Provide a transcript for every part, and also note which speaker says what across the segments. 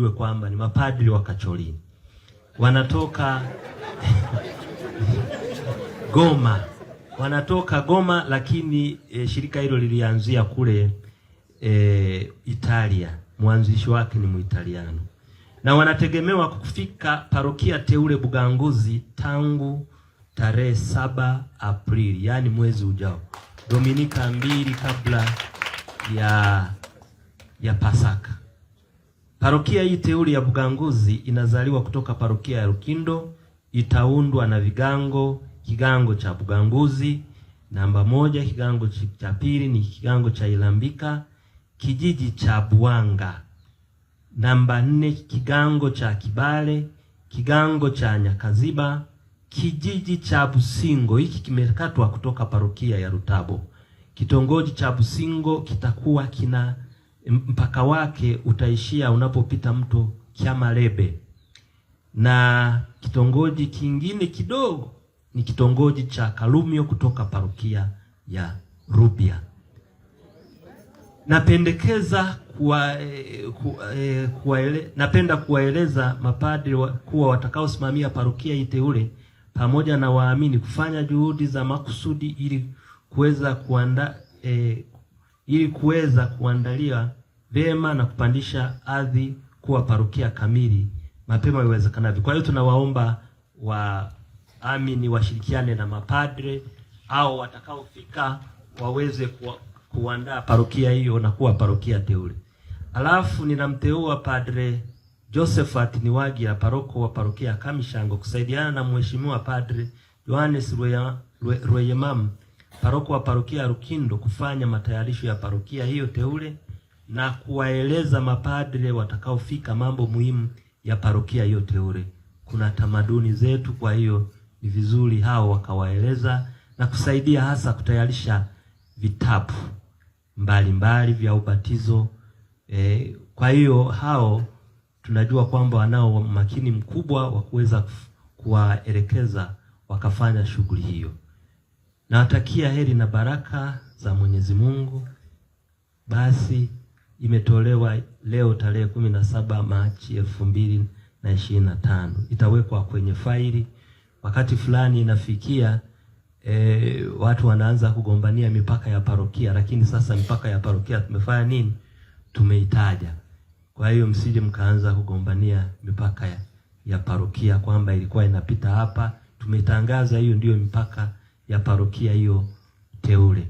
Speaker 1: mjue kwamba ni mapadri wa Kacholini wanatoka Goma, wanatoka Goma, lakini e, shirika hilo lilianzia kule e, Italia. Mwanzishi wake ni Muitaliano na wanategemewa kufika parokia teule Buganguzi tangu tarehe saba Aprili, yaani mwezi ujao, Dominika mbili kabla ya ya Pasaka. Parokia hii teuli ya Buganguzi inazaliwa kutoka parokia ya Rukindo, itaundwa na vigango, kigango cha Buganguzi namba moja, kigango cha pili ni kigango cha Ilambika, kijiji cha Buwanga namba nne, kigango cha Kibale, kigango cha Nyakaziba, kijiji cha Busingo. Hiki kimekatwa kutoka parokia ya Rutabo. Kitongoji cha Busingo kitakuwa kina mpaka wake utaishia unapopita mto Kyamalebe, na kitongoji kingine kidogo ni kitongoji cha Kalumio kutoka parokia ya Rubya. Napendekeza kuwa, eh, kuwa, eh, kuwa ele, napenda kuwaeleza mapadri wa, kuwa watakaosimamia parokia iteule pamoja na waamini kufanya juhudi za makusudi ili kuweza kuanda e, ili kuweza kuandalia vyema na kupandisha ardhi kuwa parokia kamili mapema iwezekanavyo. Kwa hiyo tunawaomba waamini washirikiane na mapadre au watakaofika waweze kuwa, kuandaa parokia hiyo na kuwa parokia teule. Alafu ninamteua Padre Josephat Niwagia paroko wa parokia Kamishango kusaidiana na Mheshimiwa Padre Johannes Rweyemamu paroko wa parokia ya Rukindo kufanya matayarisho ya parokia hiyo teule na kuwaeleza mapadre watakaofika mambo muhimu ya parokia hiyo teule. Kuna tamaduni zetu, kwa hiyo ni vizuri hao wakawaeleza na kusaidia hasa kutayarisha vitabu mbalimbali vya ubatizo. E, kwa hiyo hao tunajua kwamba wanao makini mkubwa wa kuweza kuwaelekeza wakafanya shughuli hiyo. Nawatakia heri na baraka za Mwenyezi Mungu. Basi imetolewa leo tarehe kumi na saba Machi elfu mbili na ishirini na tano itawekwa kwenye faili. Wakati fulani inafikia e, watu wanaanza kugombania mipaka ya parokia, lakini sasa mipaka ya parokia tumefanya nini? Tumeitaja. Kwa hiyo msije mkaanza kugombania mipaka ya, ya parokia kwamba ilikuwa inapita hapa. Tumetangaza hiyo ndiyo mipaka ya parokia hiyo teule.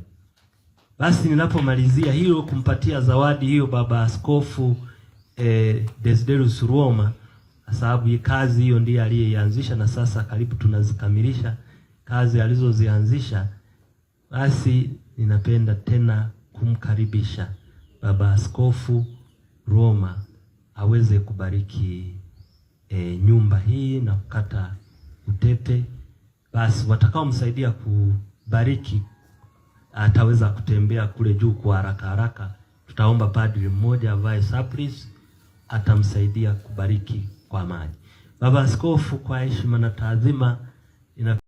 Speaker 1: Basi ninapomalizia hilo kumpatia zawadi hiyo baba askofu eh, Desiderius Rwoma, sababu kazi hiyo ndiye aliyeianzisha na sasa karibu tunazikamilisha kazi alizozianzisha. Basi ninapenda tena kumkaribisha baba askofu Rwoma aweze kubariki eh, nyumba hii na kukata utepe basi watakaomsaidia kubariki ataweza kutembea kule juu kwa haraka haraka. Tutaomba padri mmoja avae surplice, atamsaidia kubariki kwa maji. Baba Askofu, kwa heshima na taadhima ina